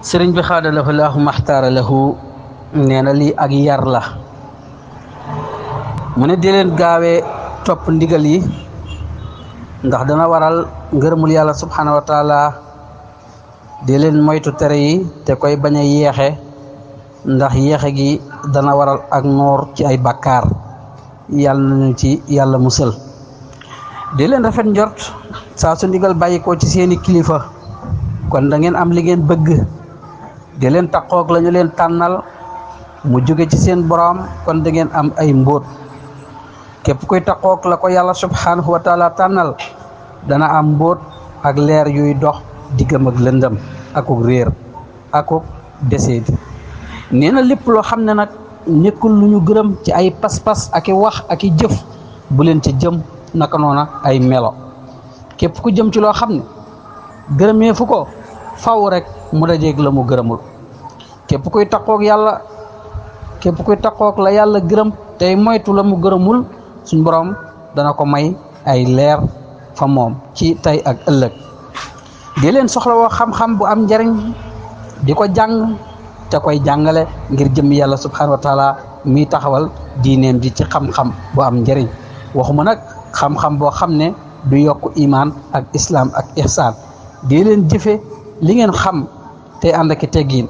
Sering bi xaada lahu laahu lahu neena li ak yar la mune di len gaawee top ndigal yi ndax dana waral ngërëmul yalla subhanahu wa taala di len moytu tere yi te koy baña a ndax yeexe gi dana waral ak nor ci ay bakar yalla nañu ci yalla musal di len rafet njort sa su ndigal bayiko ci seeni kilifa kon da ngeen am li ngeen bëgg di takko ak lañu len tanal, mu joge ci seen borom kon da ngeen am ay mbot kep koy takko ak lako yalla ya subhanahu wa taala tanal dana am mbot ak leer yuy dox digam ak lendam akuk ak akuk ak ak na neena lepp lo xamne nak nekul luñu ñu ci ay pas-pas ak i wax ak i jëf bu len ci jëm naka nona ay melo kep ku jëm ci lo xamne ne ko faw rek mu dajeeg la mu gërëmul képp kuy taqoog yàlla képp kuy taqoog la yàlla gërëm tey moytu la mu gërëmul suñ borom dana ko may ay leer fa moom ci tey ak ëllëg di leen soxla woo xam-xam bu am njariñ di ko jàng te koy jàngale ngir jëm yàlla subhanahu wa taala mi taxawal diineem ji ci xam-xam bu am njariñ waxuma nag xam-xam boo xam ne du yokk imaan ak islam ak ihsaan di leen jëfe li ngeen xam te ànd ak teggiin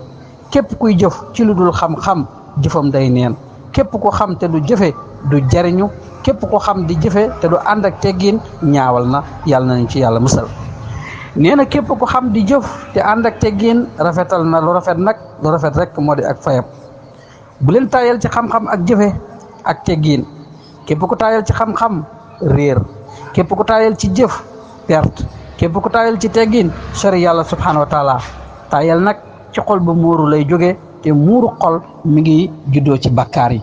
képp kuy jëf ci lu dul xam-xam jëfam day neen képp ku xam te du jëfe du jariñu képp ku xam di jëfe te du ànd ak teggiin ñaawal na yàlla nañu ci yàlla musal nee na képp ku xam di jëf te ànd ak teggiin rafetal na lu rafet nag lu rafet rek moo di ak fayam bu leen taayal ci xam-xam ak jëfe ak teggiin képp ku taayal ci xam-xam réer képp ku taayal ci jëf perte képp ku ci teggin sori yàlla wa taala tayal nag ci xol ba muuru lay jóge te muuru xol mi ngi juddoo ci bakkaar yi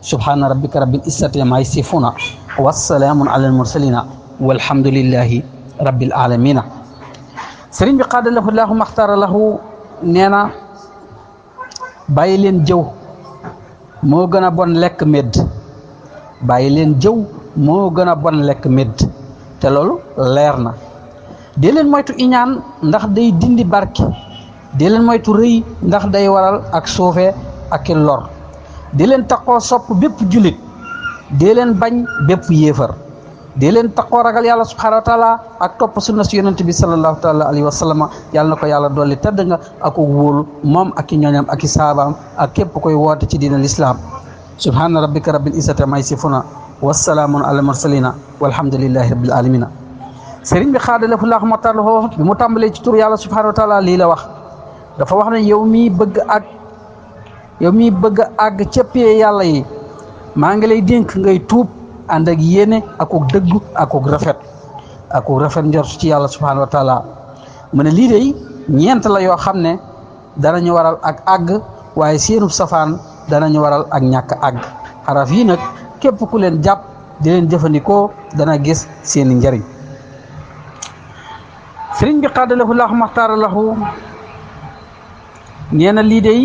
subhaana rabbika rabbil izzati ammaa yasifuuna wasalaamun ala almursalina walhamdulillahi rabbil alamina sëriñ bi xaadalahu laahu maxtaara lahu nee na bàyyi leen jëw moo gën a bon lekk bàyyi leen jëw moo gën a bon lekk medd te loolu leer na dee leen moytu iñaan ndax day dindi barke dee moytu rëy ndax day waral ak suufe ak lor dee leen taqoo sopp bépp julit dee leen bañ bépp yéefar dee leen taqoo ragal yàlla subhanahu wa ak topp sunna si yonente bi salallahu taala alayhi wa sallama na ko yàlla dolli tedd nga ak wóolu moom ak i ñooñam ak i saabaam ak képp koy woote ci diina lislaam subhaana rabbika rabbil izzati may sifuna wasalaamun ala mursalina walhamdulillahi rabbil alamina sëriñ bi xaadalafu laax mataloo bi mu tàmbalee ci tur yàlla subhanahu wa taala lii la wax dafa wax ne yow mii bëgg ak yow mii bëgg àgg cëppee yàlla yi maa ngi lay dénk ngay tuub ànd ak yéene dëggu ak akuk rafet akuk rafet njort ci yàlla subhanahu wa taala mu ne lii dey ñeent la yoo xam ne danañu waral ak àgg waaye seenu safaan danañu waral ak ñàkk àgg xaraf yi nag képp ku leen jàpp di leen jëfandikoo dana gis seeni njariñ sëriñ bi xaadalahu laahu maxtaara lahu nee na lii dey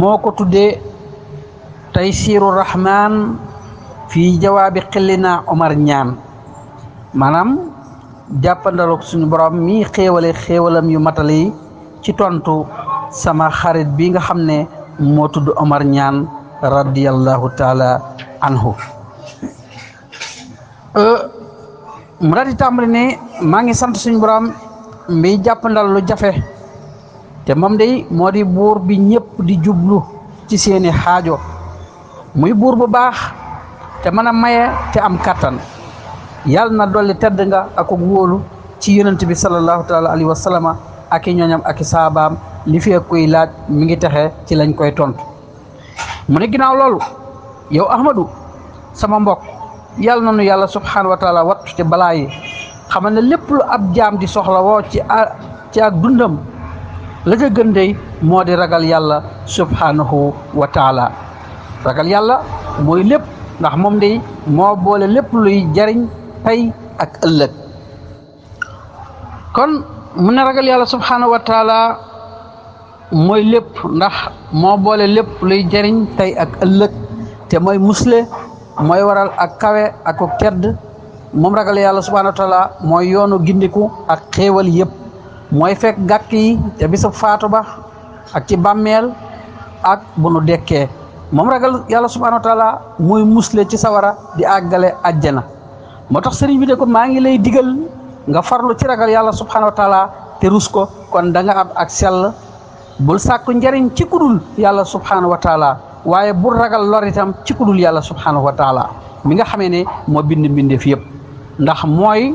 moo ko tuddee taysiiru rahmaan fii jawaabi xillina omar ñaan maanaam jàppandalog suñu borom mii xéewale xéewalam yu matali ci tontu sama xarit bi nga xam ne moo tudd omar ñaan radiyallahu taala anhu euh, mu di tàmbali ne maa ngi sant suñu borom mbi jàppandal lu jafe té mom day modi di bi ñepp di jublu ci seeni haajo muy buur bu baax té mëna mayé té te am katan yàlla na doli tedd nga ak wolu ci yonent bi sallallahu taala alaihi wasallam ak ñooñam ak li li ak koy laaj mi ngi taxé ci lañ koy tontu mu ne yow Ahmadu sama mbokk yàlla na nu yàlla subhaanahu wa taala wattu ci balaa yi xamal na lépp lu ab jaam di soxla woo ci ci ak dundam la ca gën dey moo di ragal yàlla subhaanahu wa ragal yàlla mooy lépp ndax moom day moo boole lépp luy jariñ tey ak ëllëg kon mu ne ragal yàlla subhaanahu wa taala mooy lépp ndax moo boole lépp luy jariñ tey ak ëllëg te mooy musle mooy waral ak kawe ak ko tedd moom ragal yàlla subhanahu wa mooy yoonu gindiku ak xéewal yëpp mooy fekk gàkk yi te bisu faatu ba ak ci bàmmeel ak bu nu dekkee moom ragal yàlla subhanahu wa taala mooy musle ci sawara di àggale àjjana moo tax sëriñ bi de ko maa ngi lay digal nga farlu ci ragal yàlla subhanahu wa te ruus ko kon danga am ak sell bul sàkku njariñ ci kudul yàlla subhanahu wa waaye bu ragal lor itam ci ku dul yàlla subhanahu wa taala mi nga xamee ne moo bind mbindeef yëpp ndax mooy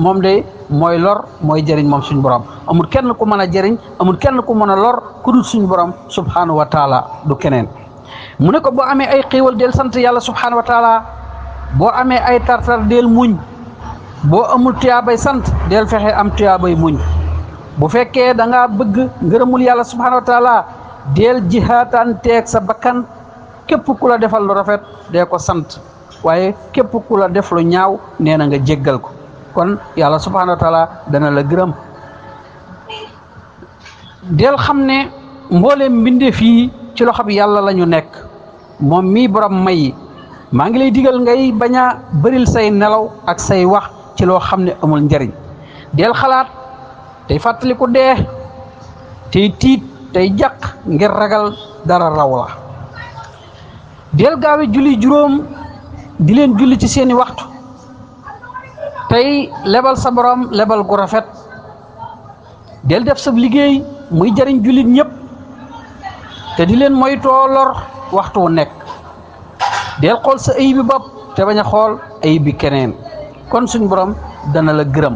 moom de mooy lor mooy jëriñ moom suñu borom amul kenn ku mën a jëriñ amul kenn ku mën a lor ku dul suñu borom subhanahu wa du keneen mu ne ko boo amee ay xéewal del sant yàlla subhanahu wa taala boo amee ay tartar del muñ boo amul tuyaabay sant del fexe am tuyaabay muñ bu fekkee da bëgg ngërëmul yàlla subhanahu wa taala del jihaatante ak sa bakkan kep ku la defal lu rafet de ko sant waye kep ku la def lu ñaaw nee nga jéggal ko kon yalla subhanahu wa taala dana la gërem del xamne ne mbinde fi ci lo xam yalla lañu nekk moom borom may ma ngi lay digal ngay baña beuril say nelaw ak say wax ci lo xamne amul njariñ del xalaat fatali ko de te tit tey jàq ngir ragal dara raw la del gaawe julli juróom di len julli ci seeni waxtu tay lebal sa borom lebal gu rafet del def sa liggéey muy jariñ jullit ñep te di leen moytoo lor waxtu wu nek del xol sa ayib bop te baña xol ayib keneen kon suñ borom dana la gërëm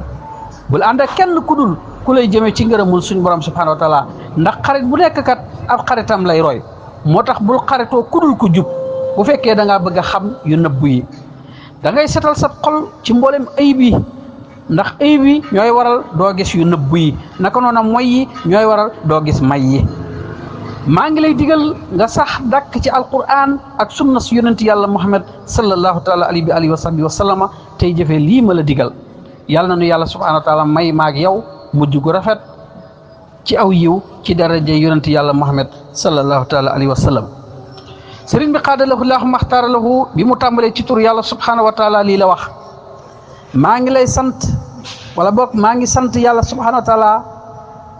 bul anda kenn kudul kulay jeme ci ngërëmul suñu borom subhanahu wa taala ndax xarit bu nek kat ab xaritam lay roy motax bul xarito kudul ku jup bu fekke da nga bëgg xam yu yi da ngay setal sa xol ci mbolem aybi ndax aybi ñoy waral do gis yu nëbb yi naka noona moy yi ñoy waral do gis may yi ma ngi lay digal nga sax dak ci alquran ak sunna su yonent muhammad sallallahu taala alayhi wa alihi wa sahbihi wa sallama tey jëfee lii ma la digal yàlla nu subhanahu wa taala may yow mujj gu rafet ci aw yiw ci daraja yonent yalla Muhammad sallallahu taala alaihi wasallam sallam bi qadalahu allah maxtaara lahu bi mu tambale ci tur yalla subhanahu wa taala lilawah. la wax ma ngi lay sant wala bok ma ngi sante yalla subhanahu wa taala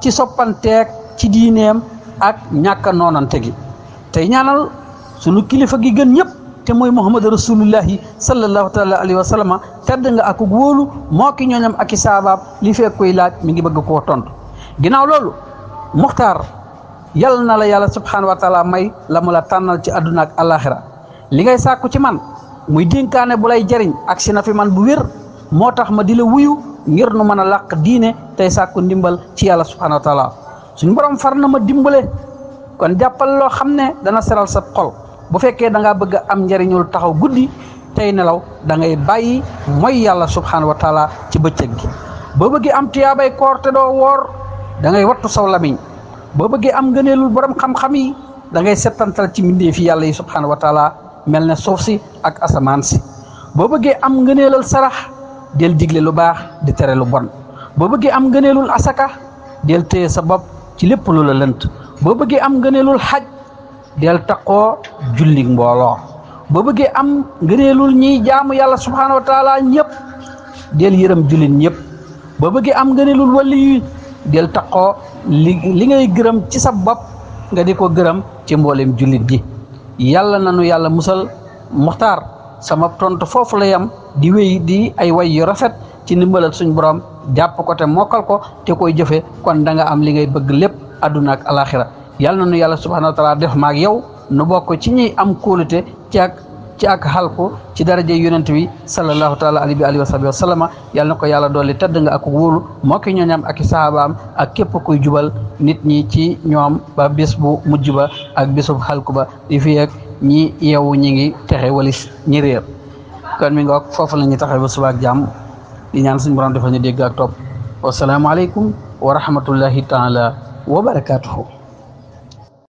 ci soppanteeg ci diineem ak ñaka nonante gi tay ñaanal sunu kilifa gi gën te mooy muhammadu rasulullahi sallallahu taala alayhi wa sallama tedd nga ak wóolu moo ki ñooñam ak i saabaab li fekk laaj mi ngi bëgg koo tontu ginnaaw loolu muxtaar yàlla na la yàlla subhanahu wa taala may la mu la tànnal ci àdduna ak li ngay sàkku ci man muy dénkaane bu lay jariñ ak na fi man bu wér moo tax ma di la wuyu ngir nu mën a làq diine tey sàkku ndimbal ci yàlla subhanahu wa borom far na ma dimbale kon jàppal loo xam ne dana seral sa xol bu fekkee da ngaa bëgg am njariñul taxaw guddi tey nelaw da ngay bàyyi mooy yàlla subhanahu wa taala ci bëccëg gi boo bëggee am tiyaabay koor te doo woor da ngay wattu saw lamiñ boo am ngëneelul borom xam-xam yi da ngay settantal ci mbindee fi yàlla subhanahu wa taala mel ne si ak asamaan si boo bëggee am ngëneelal sarax del digle lu baax di tere lu bon boo am ngëneelul asaka del téye sa bopp ci lépp lu la am ngëneelul del takko julli mbolo ba beugé am ngëneelul ñi jaamu yalla subhanahu wa taala ñëpp del yërëm jullit ñëpp ba beugé am ngëneelul wali del takko li ngay gërëm ci sa bop nga di ko ci julit gi yalla nanu yalla musal muhtar sama tontu fofu la yam di wéy di ay way yu rafet ci ndimbalal suñ borom japp ko te mokal ko te koy jëfé kon da nga am li ngay bëgg lepp aduna ak alakhirah yàlla nu yalla subhanahu wa taala def mak yow nu bok ci ñi am kulité ci ak ci ak xalku ci daraje yonent bi sallallahu taala alayhi wa alihi wa sahbihi wa sallama yàlla na ko yàlla tedd nga ak wul moo ki ñooñam ak i ak kep koy jubal nit ñi ci ñoom ba bes bu ak halku ba di fi ak ñi yeewu ñi ngi taxé walis ñi reer kon mi nga wax foofu la ñuy taxaw ba di ñaan suñu borom defal ñu dégg ak alaykum wa rahmatullahi taala wa barakatuh